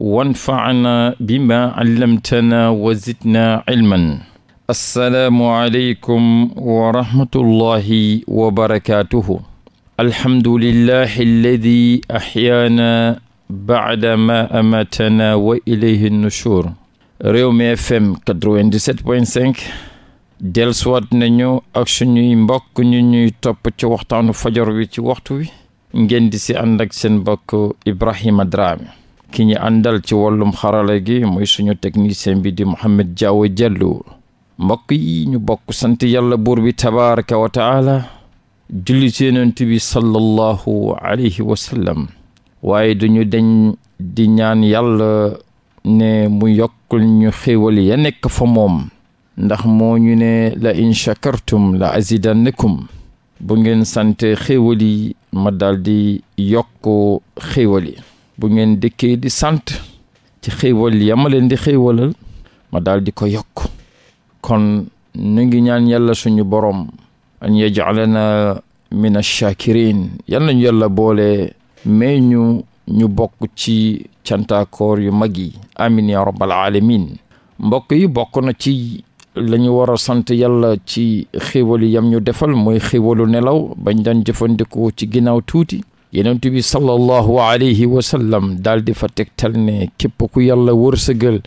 wanfacna bima allamtana wa zidna ilman assalaamu aleykum wa rahmatullahi wa barakatuhu alhamdulillahi alladi axyaana bacda ma amatana wa ilayhi nushur Rewmi FM 97.5 delsuwaat nañu ak suñuy mbokk ñu ñuy topp ci waxtaanu fajar wi ci waxtu wi ngeen di si ànd ak seen mbokk Ibrahima Drame ki ñu àndal ci wàllum xarala gi muy suñu technicien bi di Mouhamed Diaw Diallo mbokk yi ñu bokk sant yàlla buur bi tabaraka wa taala julli ci yonent bi sallallahu alayhi wa waaye duñu deñ di ñaan yàlla ne mu yokkul ñu xéewal ya nekk fa moom ndax moo ñu ne la in shakartum la azidannakum bu ngeen sante xéewal yi ma daldi yokk xéewal yi bu ngeen dëkkee di sant ci xéewal yama leen di xéewalal ma daal di ko yokk kon nu ngi ñaan yàlla suñu borom an yajalana min ash-shakirin yal nañu yàlla boole mais ñu ñu bokk ci cantaakoor yu mag yi amin ya rabbal alamin mbokk yi bokk na ci lañu war a sant yàlla ci xéewal yam ñu defal mooy xéewalu nelaw bañ daan jëfandikoo ci ginnaaw tuuti yenentu bi sallallahu alayhi wa sallam daal di fa tegtal ne képp ku yàlla wërsëgal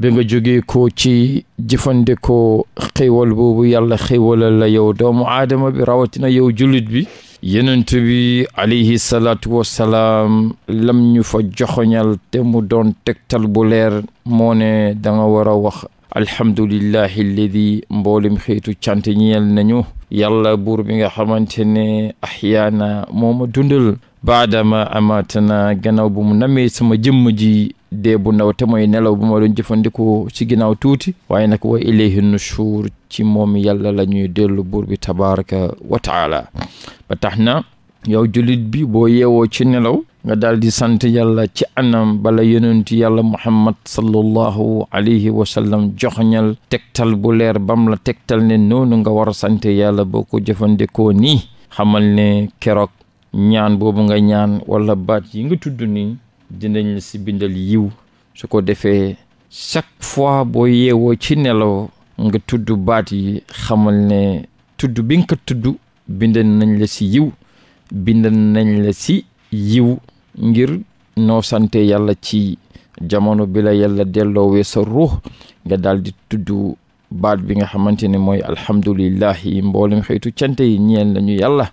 bi nga jógee ko ci jëfandikoo xéewal boobu yàlla xéewalal la yow doomu aadama bi rawatina yow julit bi yenent bi alayhi salaatu wassalaam lam ñu fa joxoñal te mu doon tegtal bu leer moo ne war a wax alhamdulillahi alladi mboolem xeetu cant ñeel nañu yàlla buur bi nga xamante ne axyaana moo ma dundal baadama amatana gannaaw bu mu namee sama jëmm ji dee bu ndaw te mooy nelaw bu ma doon jëfandikoo ci ginnaaw tuuti waaye nag wa ilayhi nushur ci moom yàlla la ñuy dellu buur bi tabaraka wa taala na yow julit bi boo yeewoo ci nelaw nga daal di sant yàlla ci anam bala yonent yàlla muhammad sallallahu alayhi wa sallam joxñal tegtal bu leer bam la tegtal ne noonu nga war a sant yàlla boo ko jëfandikoo nii xamal ne keroog ñaan boobu nga ñaan wala baat yi nga tudd ni dinañ la si bindal yiw su ko defee chaque fois boo yeewoo ci nelaw nga tudd baat yi xamal ne tudd bi nga ko tudd bindal nañ la si yiw bindal nañ la si yiw ngir noo sante yàlla ci jamono bi la yàlla delloowee sa ruux nga daal di tudd baat bi nga xamante ni mooy alhamdulillahi mboolem xëytu cante yi ñeel nañu yàlla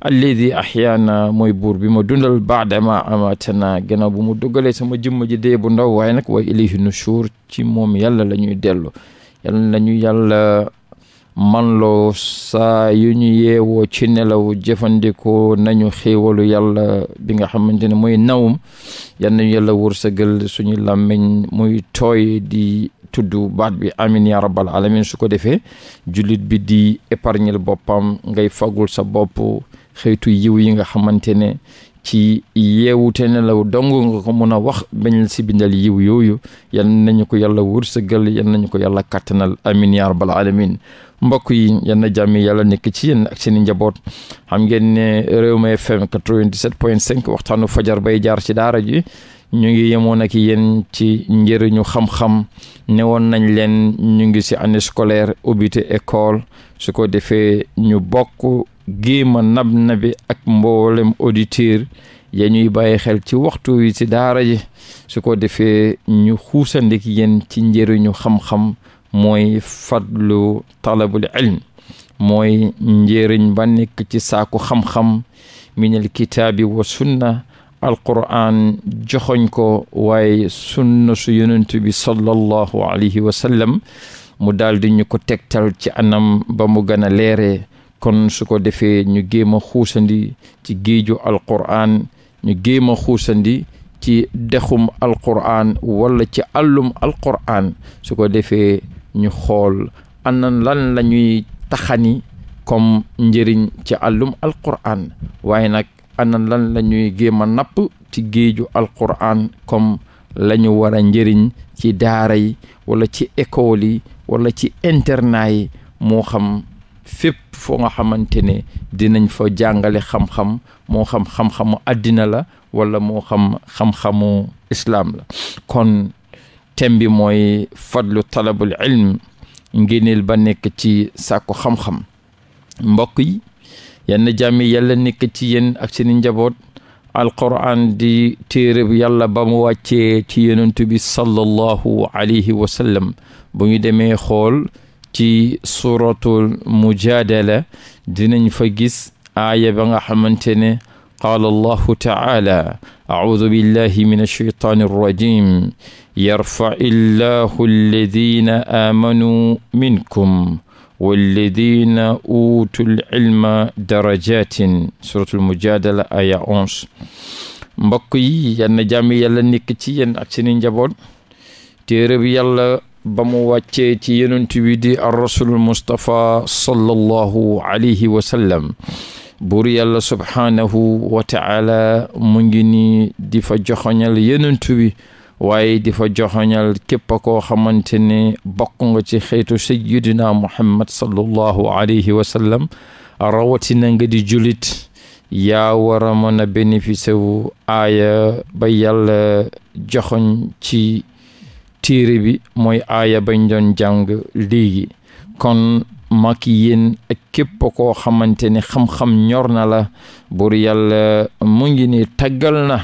alladi ahyaana mooy buur bi ma dundal baadama amatana gannaaw bu mu duggalee sama jëmm ji dee bu ndaw waaye nag wa ilayhi suur ci moom yàlla lañuy ñuy dellu yàlla la ñu yàlla man loo saa yu ñu yeewoo ci nelaw jëfandikoo nañu xéewalu yàlla bi nga xamante ne mooy nawum yal nañu yàlla wërsëgal suñu làmmiñ muy tooy di tudd baat bi amin ya rabbal alamin su ko defee jullit bi di épargnel boppam ngay fagul sa bopp xeetu yiw yi nga xamante ne ci yeewute ne law dong nga ko mun a wax bañ si bindal yiw yooyu yan nañu ko yàlla gël yal nañu ko yàlla kàttanal amin ya rabbal alamin mbokk yi yal na jàmm yàlla nekk ci yéen ak seen njaboot xam ngeen ne Rewmi FM 97.5 waxtaanu fajar bay jaar ci daara ji ñu ngi yemoon ak yéen ci njëriñu xam-xam newoon nañ leen ñu ngi si année scolaire ubbite école su ko defee ñu bokk géema nab nabi ak mboolem auditeur ya ñuy bàyyi xel ci waxtu wi ci daara ji su ko defee ñu xuusandik yéen ci njëriñu xam-xam mooy fadlu talabul ilm mooy njëriñ ba nekk ci saaku xam-xam minal kitaabi wa sunna alquran joxoñ ko waaye sunna su yonent bi sallallahu alayhi wa mu daldi ñu ko tegtal ci anam ba mu gën a leeree kon su ko defee ñu géem a xuusandi ci géeju alquraan ñu géem a xuusandi ci dexum alquraan wala ci àllum alquraan su ko defee ñu xool anan lan la ñuy taxani comme njëriñ ci àllum alquraan waaye nag anan lan la ñuy géem a napp ci géeju alquraan comme lañu ñu war a njëriñ ci daara yi wala ci école yi wala ci internat yi moo xam fépp foo nga xamante ne dinañ fa jàngale xam-xam moo xam xam-xamu àddina la wala moo xam xam-xamu islaam la kon thème bi mooy fadlu talabul ilm ngéneel ba nekk ci sàkku xam-xam mbokk yi yenn jàmmi yàlla nekk ci yéen ak seeni njaboot alquran di téereb yàlla ba mu wàccee ci yonent bi sallallahu alayhi wa bu ñu demee xool ci suratul mujadala dinañ fa gis aaya ba nga xamante ne qaala allahu taala audu billahi min alsheytaani arrajim yarfaci llahu alladina aamanuu minkum walladina utul ilma darajatin suratul mujadala aya onze mbokk yi yann jàmm yàlla nekk ci yéen ak seeni njaboot téere bi yàlla ba mu wàccee ci yonent di ar rasulul mustapha sallallahu alayhi wa sallam buur yàlla subhaanahu wa mu ngi nii di fa joxoñal yonent waaye di fa joxoñal képp koo xamante ne bokk nga ci xeetu sayyidina muhammad sallallahu alayhi wa sallam rawatina nga di julit yaa wara a mën a bénéficier wu aaya ba yàlla joxoñ ci téere bi mooy aaya bañ doon jàng léegi kon mag yéen ak képp koo xamante ni xam-xam ñor na la bur yàlla mu ngi ne taggal na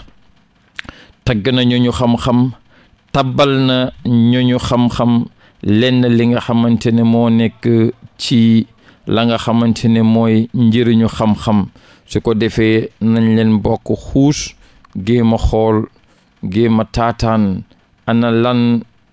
tagg na ñooñu xam-xam tabbal na ñoñu xam-xam lenn li nga xamante ne moo nekk ci la nga xamante ne mooy njëriñu xam-xam su ko defee nañ leen bokk xuus géem xool géem taataan ana lan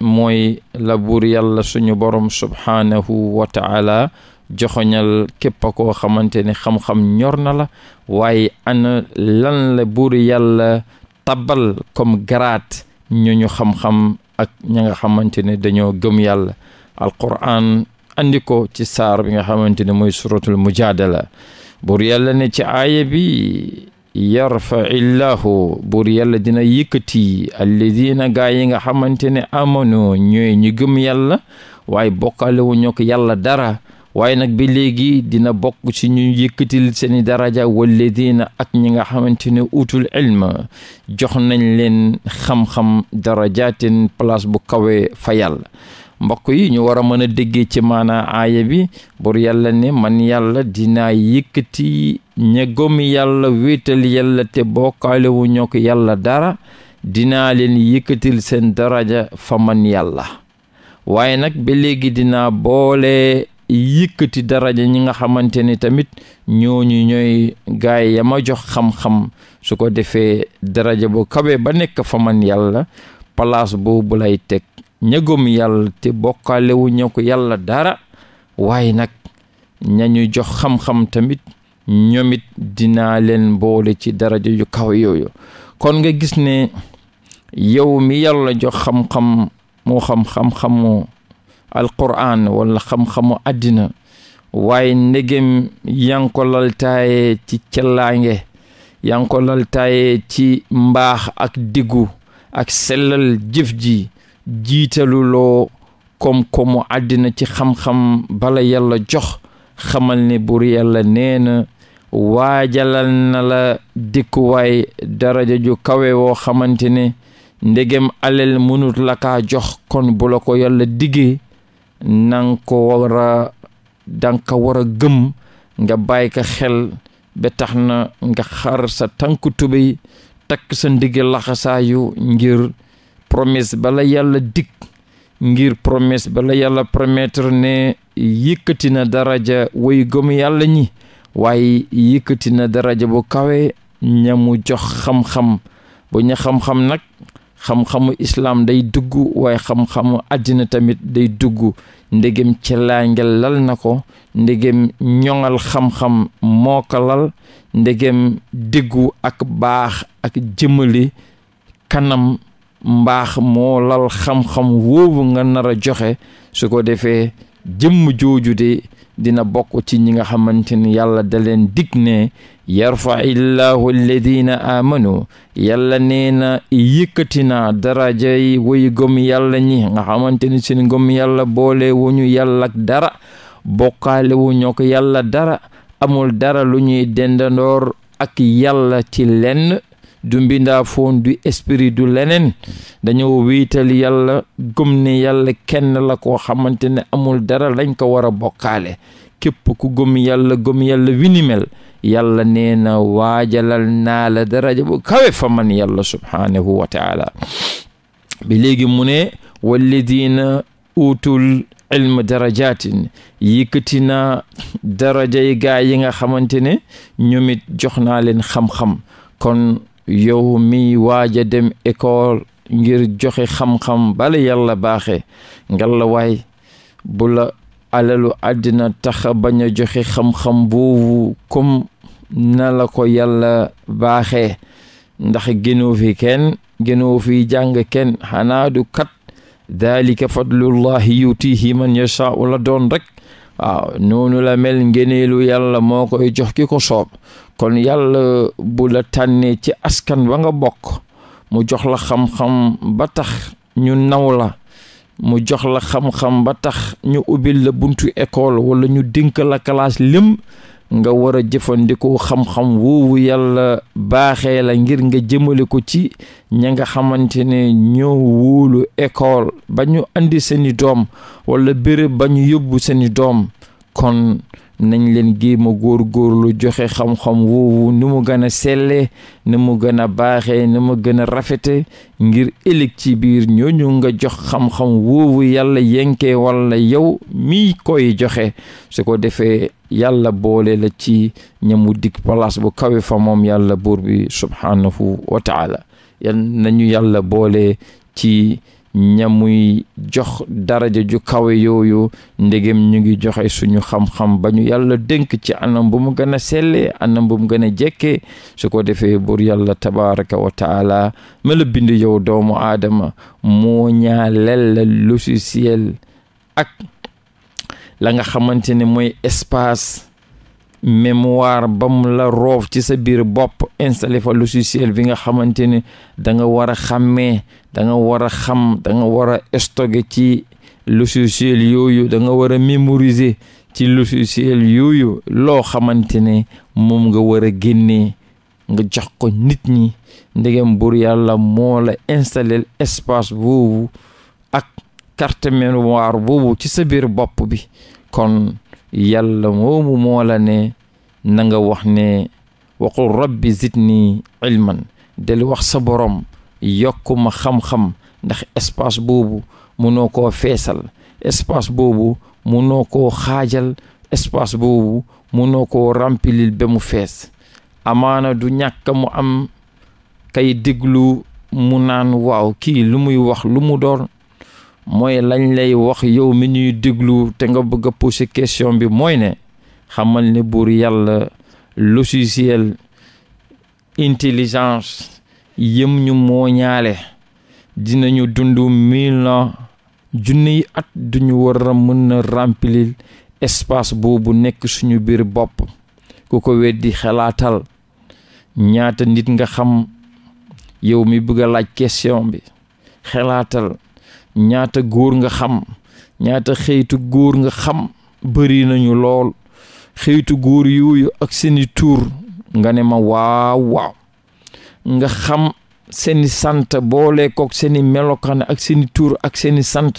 mooy la buur yàlla suñu borom subhaanahu wa taala joxoñal képp a koo xamante ne xam-xam ñor na la waaye ana lan la buur yàlla tabal comme garaat ñooñu ñu xam-xam ak ña nga xamante ne dañoo gëm yàlla alquran andi ko ci saar bi nga xamante ne mooy suratul mujaadala buur yàlla ne ci aaya bi yarfaillahu buur yàlla dina yëkkati alladina gaa yi nga xamante ne amano ñooy ñu gëm yàlla waaye bokkalewu ñoo ko yàlla dara waaye nag bi léegi dina bokk ci ñu yëkkatil seeni daraja walladina ak ñi nga xamante ne utul ilma jox nañ leen xam-xam darajaatin place bu kawee fa yàlla mbokk yi ñu war a mën a déggee ci maanaa aaya bi bur yàlla ne man yàlla dinaa yëkkati ña gëm yàlla wéetal yàlla te bokkaalewu yàlla dara dinaa leen yëkkatil seen daraja fa man yàlla waaye nag ba léegi dinaa boole yëkkati daraja ñi nga xamante ni tamit ñooñu ñooy gaay ya ma jox xam-xam su ko defee daraja bu kawe ba nekk fa man yàlla palaas boobu lay teg ña gëm yàlla te bokkaalewu ña ko yàlla dara waaye nag ñañu jox xam-xam tamit ñoomit dinaa leen boole ci daraja yu kaw yooyu kon nga gis ne yow mi yàlla jox xam-xam moo xam xam-xamu alquran wala xam-xamu àddina waaye ndegem yaa ngi laltaaye ci cellaange yaa laltaaye ci mbaax ak diggu ak sellal jëf ji jiitaluloo koom-koomu àddina ci xam-xam bala yàlla jox xamal ni buur yàlla nee na waajalal na la dikkuwaay daraja ju kawe woo xamante ne ndegem alal mënut la kaa jox kon bu la ko yàlla diggee nang ko war a danga war a gëm nga bàyyi ko xel ba tax na nga xar sa tànk tubéy takk sa ndigg laxasaayu ngir promesse bala yàlla dig ngir promesse bala yàlla promettre ne yëkkati na daraja way gëm yàlla ñi waaye yëkkati na daraja bu kawe ñamu jox xam-xam bu ña xam-xam nag xam-xamu islaam day dugg waaye xam-xamu àddina tamit day dugg ndegem ci laangel lal na ko ndegem ñoŋal xam-xam moo ko lal ndegem déggu ak baax ak jëmali kanam mbaax moo lal xam-xam woowu nga nar a joxe su ko defee jëmm jooju de dina bokk ci ñi nga xamante ni yàlla da leen dig ne yarfa illahu alladina amanu yàlla nee na yëkkati naa daraja yi woy gëm yàlla ñi nga xamante ni seen gëm yàlla boole wu ñu yàlla dara bokkaale wu ñoo yàlla dara amul dara lu ñuy dendandoor ak yàlla ci lenn du mbindaafoon du esprit du leneen dañoo wéetal yàlla gëm ne yàlla kenn la koo xamante ne amul dara lañ ko war a bokkaale képp ku gëm yàlla gëm yàlla wini waajalal naa la daraja bu kawe fa man yàlla subhaanahu wa taala bi léegi mu ne walladina utul ilm darajatin yëkkati naa darajay gaa yi nga xamante ne ñoom it jox naa leen xam kon yow mi waaja dem école ngir joxe xam-xam bala yàlla baaxe ngalla waay bu alalu àddina tax bañ a joxe xam-xam boobu comme na la ko yàlla baaxe ndax gënoo fi kenn gënoo fi jàng kenn xanaa du kat daalika fadlullahi yutihi man yashaau la doon rek waaw noonu la mel ngeneelu yàlla moo koy jox ki ko soob kon yàlla bu la tànnee ci askan ba nga bokk mu jox la xam-xam ba tax ñu naw la mu jox la xam-xam ba tax ñu ubbil la buntu école wala ñu dénk la classe lim nga war a jëfandikoo xam-xam woowu yàlla baaxee la ngir nga jëmale ko ci ña nga xamante ne ñoo wóolu école ba ñu indi seeni doom wala bërëb ba ñu yóbbu seeni doom kon nañ leen géem góor góorgóorlu joxe xam-xam woowu ni mu gën a selle ni mu gën a baaxe ni mu gën a rafete ngir ëllëg ci biir ñooñu nga jox xam-xam woowu yàlla yenkee walla yow mi koy joxe su ko defee yàlla boole la ci ñamu dikk palaas bu kawe fa moom yàlla buur bi subhaanahu wa nañu yàlla boole ci ña muy jox daraja ju kawe yooyu ndegem ñu ngi joxe suñu xam-xam ba ñu yàlla dénk ci anam bu mu gën a sellee anam bu mu gën a jekkee su ko defee buur yàlla tabaraka wa taala ma la yow doomu aadama moo ñaa lella logiciel ak la nga xamante ne mooy espace mémoire ba mu la roof ci sa biir bopp installé fa logiciel bi nga xamante ne da nga war a xàmmee da war a xam danga war a stocké ci logiciel yooyu danga war a mémoriser ci logiciel yooyu loo xamante ne moom nga war a génnee nga jox ko nit ñi ndegem buur yàlla moo la installé espace boobu ak carte mémoire boobu ci sa biir bopp bi kon yàlla moomu moo la ne nanga wax ne waxul rabbi zidni ilman del wax sa borom yokku ma xam-xam ndax espace boobu munoo koo feesal espace boobu munoo koo xaajal espace boobu munoo koo rempilil ba mu fees amaana du ñàkk mu am kay déglu mu naan waaw kii lu muy wax lu mu doon mooy lañ lay wax yow mi ñuy déglu te nga bëgg a poser question bi mooy ne xamal ni buur yàlla logiciel intelligence yëm ñu moo ñaale dinañu dund mille na junniy at duñu war a mën na remplir espace boobu nekk suñu biir bopp ku ko weddi xalaatal ñaata nit nga xam yow mi bëgg laaj question bi xalaatal ñaata góor nga xam ñaata xëytu góor nga xam bëri nañu lool xëytu góor yooyu ak seeni tuur nga ne ma waaw waaw nga xam seeni sant boole kook seeni melokaan ak seeni tuur ak seeni sant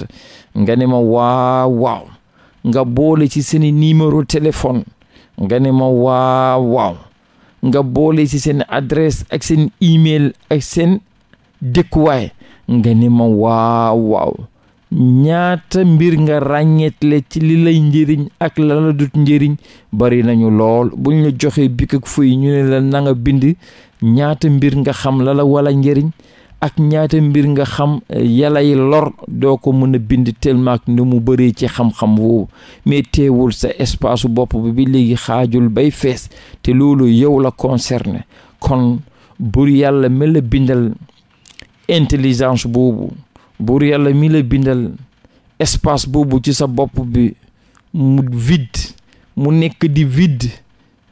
nga ne ma waaw waaw nga boole ci seeni numéro téléphone nga ne ma waaw waaw nga boole ci seen adresse ak seen email ak seen dëkkuwaay nga ni ma waaw waaw ñaata mbir nga ràññeetle ci li lay njëriñ ak la njëriñ bari nañu lool bu ñu la joxee bik ak fëy ñu ne la na bind ñaata mbir nga xam la la wala njëriñ ak ñaata mbir nga xam eh, yalay lor doo ko mën a bind tellement ak ni mu bëree ci xam-xam woowu mais teewul sa espace bopp bi léegi xaajul bay fees te loolu yow la concerné kon bur yàlla mel la bindal intelligence boobu buur yàlla mi la bindal espace boobu ci sa bopp bi mu vide mu nekk di vide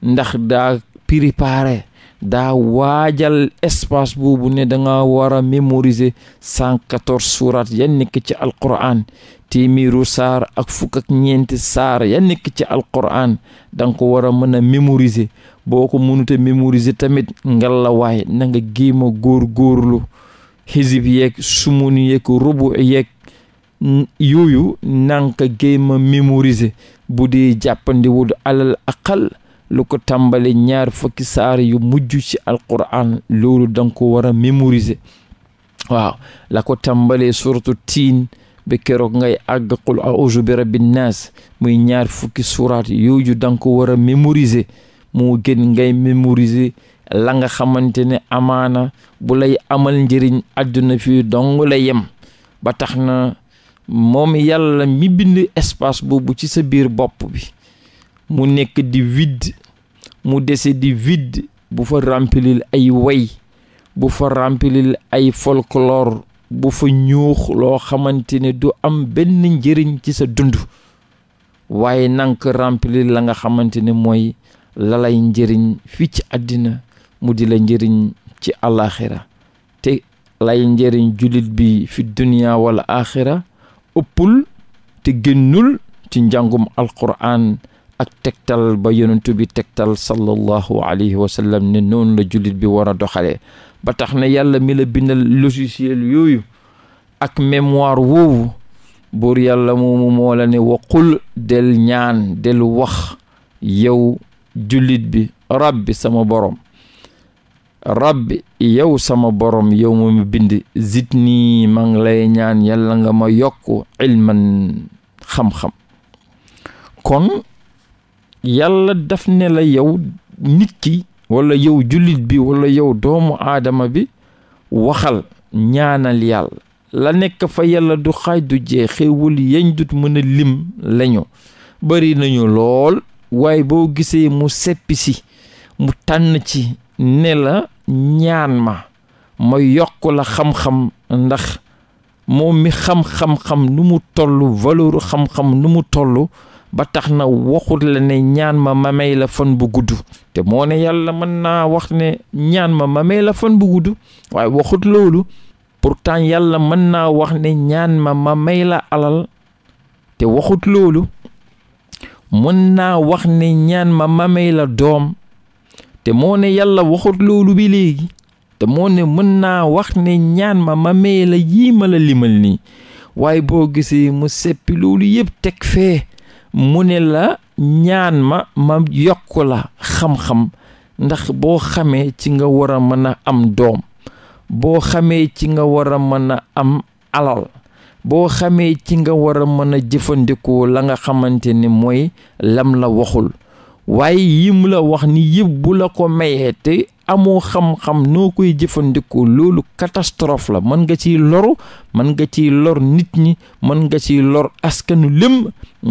ndax daa préparé daa waajal espace boobu ne danga war a mémoriser cent quatorze ya nekk ci alquran téeméeru saar ak fukk ak ñeenti saar ya nekk ci alquran danga ko war a mën a mémoriser boo ko mënute mémoriser tamit ngalla waaye na nga góor góorlu xisib yeeg sumun yeeg rubu yeeg yooyu nanka géema mémoriser bu dee jàppandiwul alal aqal lu ko tàmbale ñaar fukki saar yu mujj ci alquran loolu danga ko war a mémoriser waaw la ko tàmbalee suratu tiin ba keroog ngay àgg qul auzu bi rabbin naas muy ñaar fukki suuraat yooyu danga ko war a mémoriser moo gën ngay mémoriser la nga xamante ne amaana bu lay amal njëriñ àdduna fii dong la yem ba tax na moom yàlla mi bind espace boobu ci sa biir bopp bi mu nekk di vide mu dese di vide bu fa rempilil ay way bu fa rempilil ay folklore bu fa ñuux loo xamante ne du am benn njëriñ ci sa dund waaye nank remplir la nga xamante ne mooy la njëriñ fii ci àddina mu di la njëriñ ci alaxira te lay njëriñ jullit bi fi duniya wala axira ëppul te génnul ci njàngum alquran ak tegtal ba yonentu bi tegtal sallallahu alayhi wa ne noonu la jullit bi war a doxalee ba tax na yàlla mi la bindal logiciel yooyu ak mémoire woowu buur yàlla moomu moo la ne waqul del ñaan del wax yow jullit bi rabbi sama borom rabbi yow sama borom yow mu ma bind zidni maa ngi lay ñaan yàlla nga ma yokk ilman xam-xam kon yàlla daf ne la yow nit ki wala yow jullit bi wala yow doomu aadama bi waxal ñaanal yàlla la nekk fa yàlla du xaaj du jee xéewal yañ dut mën a lim lañu bari nañu lool waaye boo gisee mu seppi si mu tànn ci ne la ñaan ma ma yokk la xam-xam ndax moom mi xam-xam-xam nu mu tollu valeuru xam-xam nu mu toll ba tax na waxut la ne ñaan ma ma may la fan bu gudd te moo ne yàlla mën naa wax ne ñaan ma ma may la fan bu gudd waaye waxut loolu pourtant yàlla mën naa wax ne ñaan ma ma may la alal te waxut loolu mën naa wax ne ñaan ma ma may la doom te moo ne yàlla waxut loolu bi léegi te moo ne mën naa wax ne ñaan ma ma mee la yii ma la limal nii waaye boo gisee mu seppi loolu yëpp teg fee mu ne la ñaan ma ma yokk la xam-xam ndax boo xamee ci nga war a mën a am doom boo xamee ci nga war a mën a am alal boo xamee ci nga war a mën a jëfandikoo la nga xamante ne mooy lam la waxul waaye yi mu la wax ni yëpp bu la ko mayee te amoo xam-xam noo koy jëfandikoo loolu catastrophe la mën nga ciy loru mën nga ciy lor nit ñi mën nga ciy lor askanu lëm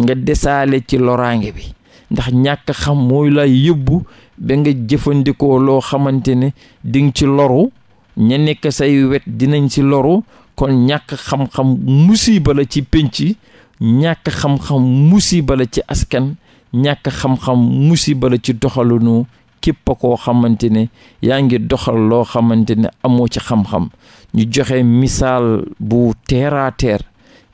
nga desale ci loraange bi ndax ñàkk xam mooy la yóbbu ba nga jëfandikoo loo xamante ne di ci loru ña nekk say wet dinañ ci loru kon ñàkk xam-xam musiba la ci pénc ñàkk xam-xam musiba la ci askan ñàkk xam-xam musiba la ci doxalinu képp koo xamante ne yaa ngir doxal loo xamante ne amoo ci xam-xam ñu joxe misaal bu terre à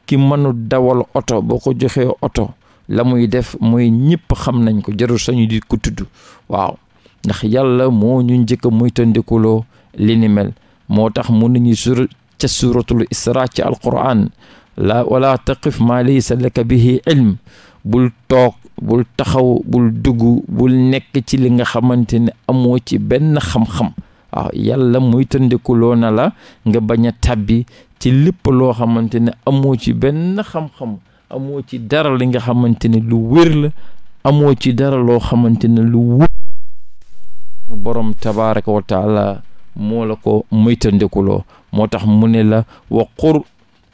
ki mënul dawal oto boo ko joxee oto la muy def mooy ñëpp xam nañ ko jarul sañu di ku tudd waaw ndax yàlla moo ñu njëkk moytandikuloo li ni mel moo tax mun nañu sur ca suratul isra ci alquran la wala taqif ma laysa laka bihi ilm bul toog bul taxaw bul dugg bul nekk ci li nga xamante ne amoo ci benn xam-xam waaw yàlla muy na la nga baña a tàbbi ci lépp loo xamante ne amoo ci benn xam-xam amoo ci dara li nga xamante ne lu wér la amoo ci dara loo xamante ne lu wér borom tabaraka wa moo la ko muy moo tax mu ne la waqur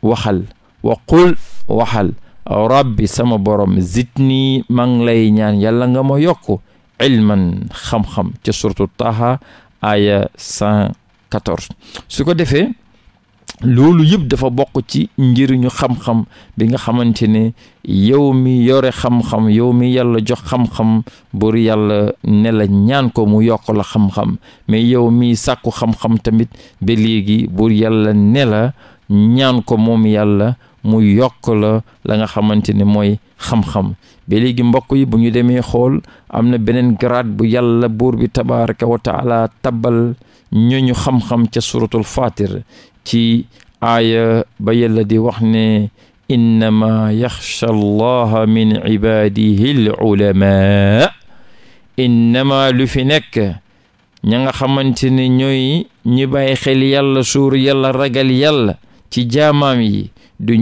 waxal waqul waxal rabbi sama borom sit nii ngi lay ñaan yàlla nga ma yokk ilman xam-xam ca surtu taha aya 114 su ko defee loolu yëpp dafa bokk ci njëriñu xam-xam bi nga xamante ne yow mi yore xam-xam yow mi yàlla jox xam-xam bur yàlla nela ñaan ko mu yokk la xam-xam mais yow mi sàkku xam-xam tamit ba léegi bur yàlla ne ñaan ko moom yàlla mu yokk la nga xamante ne mooy xam-xam ba léegi mbokk yi bu ñu demee xool am na beneen grad bu yàlla buur bi tabaraka wa taala tabbal ñooñu xam-xam ca suratul fatir ci aaya ba yàlla di wax ne innama yaxsha allaha min ibaadihi l ulama lu fi nekk ña nga xamante ne ñooy ñi bàyyi xel yàlla suur yàlla ragal yàlla ci jaamaam yi du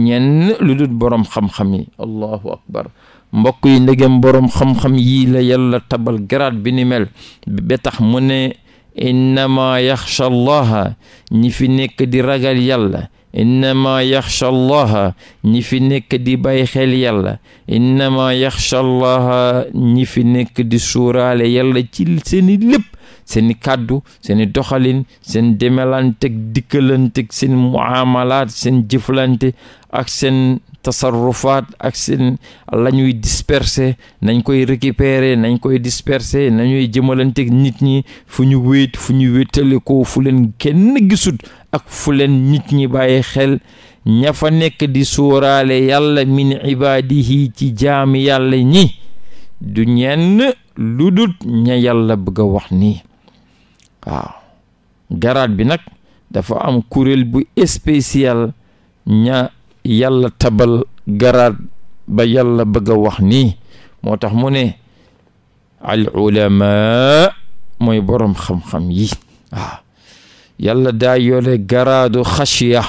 lu dul boroom xam-xam yi allahu akbar mbokk yi ndegem boroom xam-xam yii la yàlla tabal garaat bi ni mel tax mu ne innama yaxsha allaha ñi fi nekk di ragal yàlla innama yaxsha allaha ñi fi nekk di bàyyi xel yàlla innama yaxsha allaha ñi fi nekk di suuraale yàlla ci seeni lépp seeni kàddu seeni doxalin seen demelanteeg dikkalanteeg seen muamalaat seen jëflante ak seen tasarrufaat ak seen la ñuy disperser nañ koy récupérer nañ koy disperser nañuy jëmalante nit ñi fu ñu wéet fu ñu wéetale ko fu leen kenn gisut ak fu leen nit ñi bàyyi xel ña fa nekk di sóoraale yàlla min ibaadihi ci jaami yàlla ñi du ñenn lu dul ña yàlla bëgg a wax ni waaw bi nag dafa am kuréel bu spécial ña yàlla tabal garaat ba yàlla bëgg a wax nii moo tax mu ne al ulama mooy boroom xam-xam yi waaw yàlla daa yore garaadu xashiya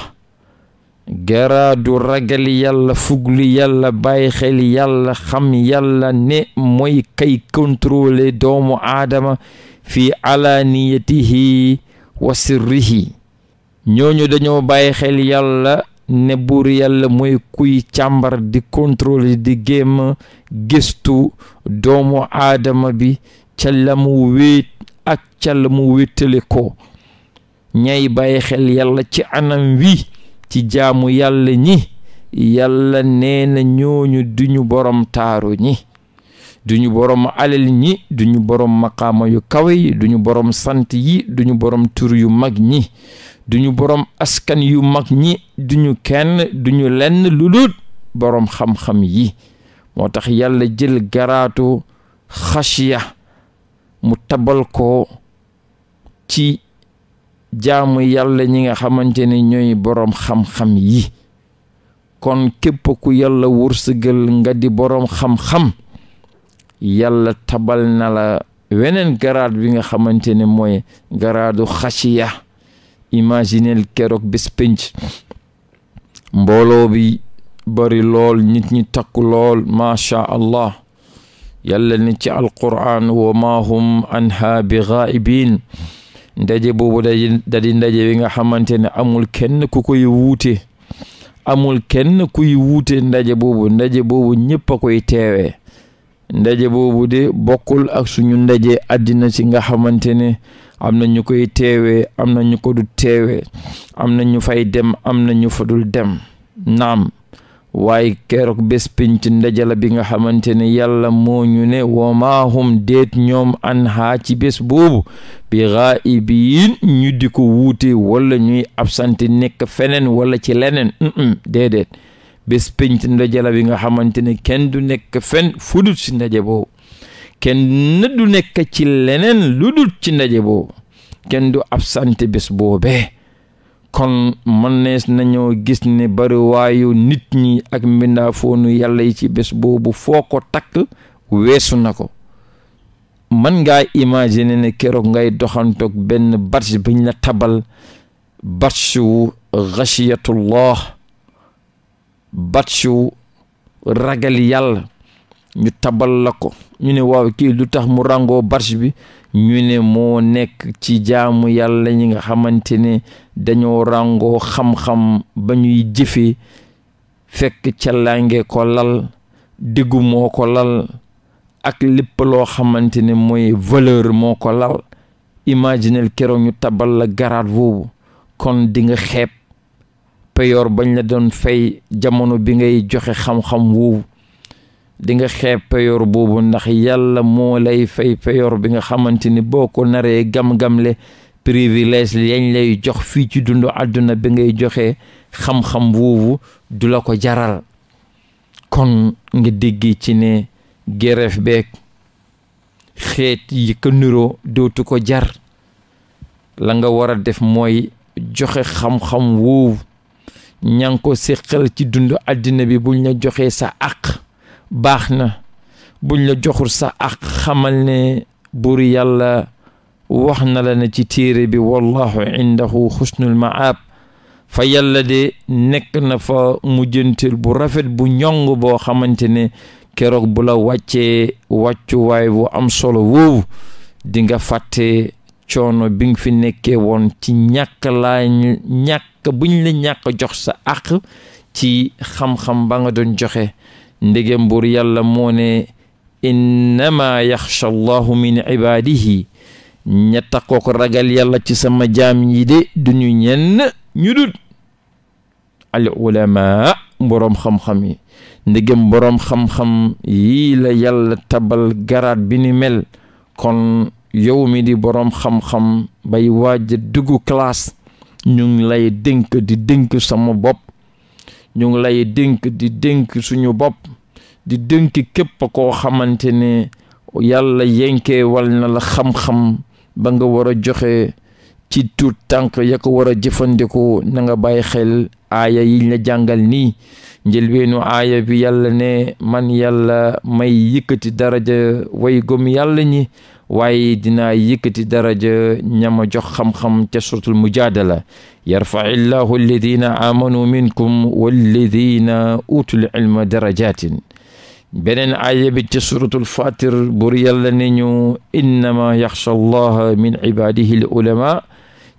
garaadu ragal yàlla fuglu yàlla bàyyi xel yàlla xam yàlla ne moy kay contrôler doomu aadama fi alaaniyatihi wa sirrihi ñooñu dañoo bàyyi xel yàlla ne buur yàlla mooy kuy càmbar di contrôler di gémm gëstu doomu aadama bi ca la mu wéet ak ca la mu ko ñay bàyyi xel yàlla ci anam wi ci jaamu yàlla ñi yàlla nee na ñooñu duñu borom taaru ñi duñu borom alal ñi duñu borom maqaama yu kawe yi duñu borom sant yi duñu borom tur yu mag ñi duñu borom askan yu mag ñi duñu kenn duñu lenn lu dul borom xam-xam yi moo tax yàlla jël garaatu xashiya mu tabal ko ci jaamu yàlla ñi nga xamante ne ñooy boroom xam-xam yi kon képp ku yàlla wërsëgal nga di boroom xam-xam yàlla tabal na la weneen garaad bi nga xamante ne mooy garaadu xasiya imaginel keroog bés pénc mbooloo bi bari lool nit ñi takku lool macha allah yàlla ni ci alquran wa ma hum anha ndaje boobu dadi ndaje bi nga xamante ne amul kenn ku koy wuute amul kenn kuy wuute ndaje boobu ndaje boobu ñëpp koy teewe ndaje boobu de bokkul ak suñu ndaje àddina ci nga xamante ne am na ñu koy teewee am na ñu ko du teewee am na ñu fay dem am na ñu dem naam waaye keroog bés pinc ndaje la bi nga xamante ne yàlla moo ñu ne womaahum déet ñoom an haa ci bés boobu bi raa ibiin ñu di ko wuute wala ñuy absente nekk feneen wala ci leneen déedéet bés penc ndaje la bi nga xamante ne kenn du nekk fen fudut ci ndaje boobu kenn du nekk ci leneen lu ci ndaje boobu kenn du absente bés boobee kon nees nañoo gis ni bariwaayu nit ñi ak mbindaafoonu yàlla yi ci bés boobu foo ko takk weesu na ko man ngaa imaginer ne keroog ngay doxantoog benn barch biñ la tabal barchu ghashiyatullah batchu ragal yàlla ñu tabal la ko ñu ne waaw kii lu tax mu ràngoo batch bi ñu ne moo nekk ci jaamu yàlla ñi nga xamante ne dañoo ràngoo xam-xam ba ñuy jëfee fekk callaange ko lal diggu moo ko lal ak lépp loo xamante ne mooy valeur moo ko lal imaginel keroog ñu tabal la garaat woowu kon di nga xeeb peyoor bañ la doon fay jamono bi ngay joxe xam-xam woowu di nga peyoor boobu ndax yàlla moo lay fay peyoor bi nga xamante ni boo ko naree gam-gamle privilège yañ lay jox fii ci dund àdduna bi ngay joxe xam-xam woowu la ko jaral kon nga dégg ci ne gereef beeg xeet yi ko niroo ko jar la nga war a def mooy joxe xam-xam woowu ña ngi ko séqal ci dund àddina bi buñ la joxee sa ak baax na buñ la joxul sa ak xamal ne buur yàlla wax na la ne ci téere bi wallahu indahu xusnul maab fa yàlla de nekk na fa mujjantil bu rafet bu ñong boo xamante ne keroog bu la wàccee wàccuwaay bu am solo woowu di fàtte coono bi nga fi nekkee woon ci ñàkk laa ñàkk buñ la ñàkk jox sa àq ci xam-xam ba nga doon joxe ndegem buur yàlla moo ne innama yaxsha allahu min ibaadihi ña takkoo ko ragal yàlla ci sama jaam yi de duñu ñenn ñu dul al ulama boroom xam-xam yi ndegem xam-xam yii la yàlla tabal garaat bi ni mel yow mi di boroom xam-xam bay waaj dugg classe ñu lay dénk di dénk sama bopp ñu ngi lay dénk di dénk suñu bopp di dënk képp koo xamante ne yàlla yenkeewal na la xam-xam ba nga war a joxe ci tuut tànk ya ko war a jëfandikoo na nga bàyyi xel aaya yi la jàngal nii njëlbeenu aaya bi yàlla ne man yàlla may yëkkati daraja way gëm yàlla ñi waaye dinaa yëkkati daraja ñama jox xam-xam ca suratul mujadala yarfa illahu alladina amanu minkum walladina utul ilma darajatin beneen aaya bi ca suratul fatir bur yàlla ne ñu innama yaxsha allaha min ibadihi l ulama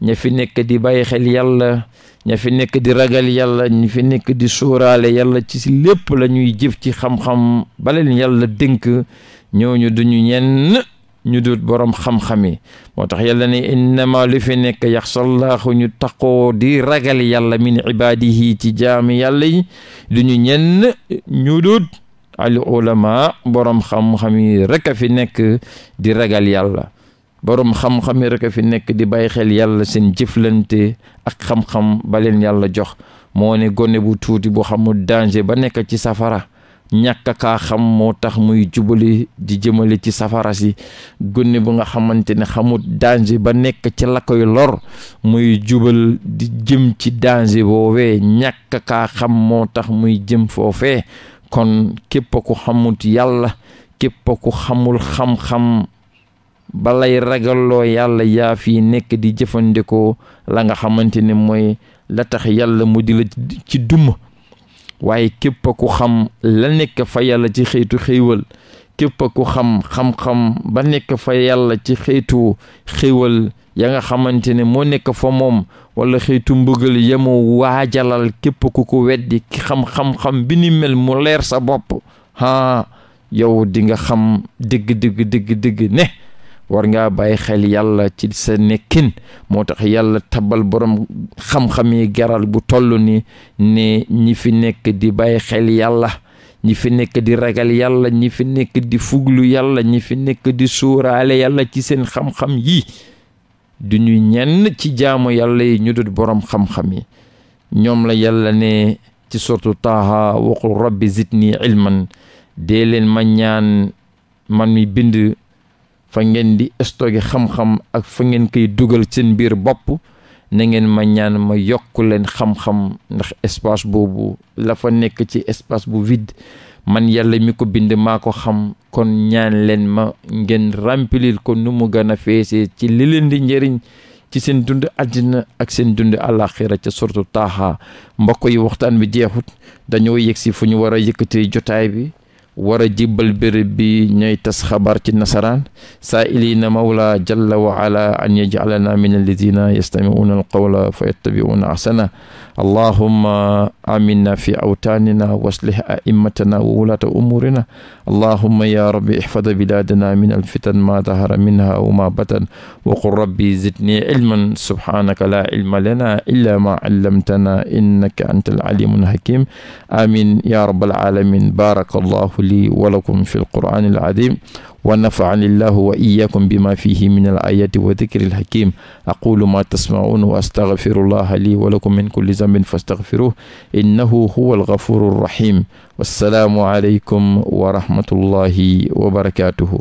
ña fi nekk di bàyyi xel yàlla ña fi nekk di ragal yàlla ña fi nekk di sóoraale yàlla ci si lépp la ñuy jëf ci xam-xam balen yàlla dénk ñooñu duñu ñenn ñu dut boroom xam-xam yi moo tax yàlla ne innama lu fi nekk yaxsallaahu ñu taqoo di ragal yàlla min ibaadihi ci jaami yàlla yi du ñu ñenn ñu dut al ulama boroom xam-xam yi rek a fi nekk di ragal yàlla boroom xam-xam yi rek a fi nekk di bàyyi xel yàlla seen jëflante ak xam-xam ba leen yàlla jox moo ne gone bu tuuti bu xamul danger ba nekk ci safara ñàkk kaa xam moo tax muy jubali di jëmale ci safara si gone bu nga xamante ne xamut danger ba nekk ci la koy lor muy jubal di jëm ci danger boobee ñàkk kaa xam moo tax muy jëm foofee kon képp ku xamut yàlla képp ku xamul xam-xam balay ragaloo yàlla yaa fi nekk di jëfandikoo la nga xamante ne mooy la tax yàlla mu di la ci duma waaye képp ku xam la nekk fa yàlla ci xeetu xéewal képp ku xam xam-xam ba nekk fa yàlla ci xeetu xéewal ya nga xamante ne moo nekk fa moom wala xeetu mbugal ya mu waajalal képp ku ko weddi ki xam-xam-xam bi ni mel mu leer sa bopp haa yow di nga xam dëgg dëgg dëgg dëgg ne war ngaa bàyyi xel yàlla ci seen nekkin moo tax yàlla tabal borom xam-xam yi garal bu toll ni ne ñi fi nekk di bàyyi xel yàlla ñi fi nekk di ragal yàlla ñi fi nekk di fuglu yàlla ñi fi nekk di suuraale yàlla ci seen xam-xam yi du ñu ñenn ci jaamu yàlla yi ñu dut borom xam-xam yi ñoom la yàlla ne ci sortu taaha waqul rabbi zidni ilman dee leen ma ñaan man mi bind fa ngeen di stocké xam-xam ak fa ngeen koy dugal seen biir bopp na ngeen ma ñaan ma yokk leen xam-xam ndax espace boobu la fa nekk ci espace bu vide man yàlla mi ko bind maa ko xam kon ñaan leen ma ngeen remplir ko nu mu gën a feesee ci li leen di njëriñ ci seen dund àddina ak seen dund àllaaxira ca surtout taaxaa mbokk yi waxtaan bi jeexut dañoo yegg fu ñu war a yëkkatee jotaay bi war a jibbal béréb bi ñooy tas xabaar ci nasaraan saa ilina mawla jalla wa ala an yajalana min alladina yastamiuna alqawla fa yattabiuna ahsana allahumma aminna fi awtaanina wa aslih a'immatana wa wulata umurina allahumma ya rabbi ihfada biladana min alfitan ma dahara minha wa ma batan wa qul rabbi zidni ilman subhanaka la ilma lana illa ma allamtana innaka anta alalimu alhakim amin ya rabbal alamin baraka allahu li walakum fi alquraan alazim wa nafaani llahu wa iyakum bima fihi min alayati wa dikri alhakim aqulu ma tasmaun wa astaghfiru llaha li walakum min kulli zambin fastaghfiruh innahu huwa alghafuru arrahim wassalaamu aleykum wa rahmatullahi wa barakatuhu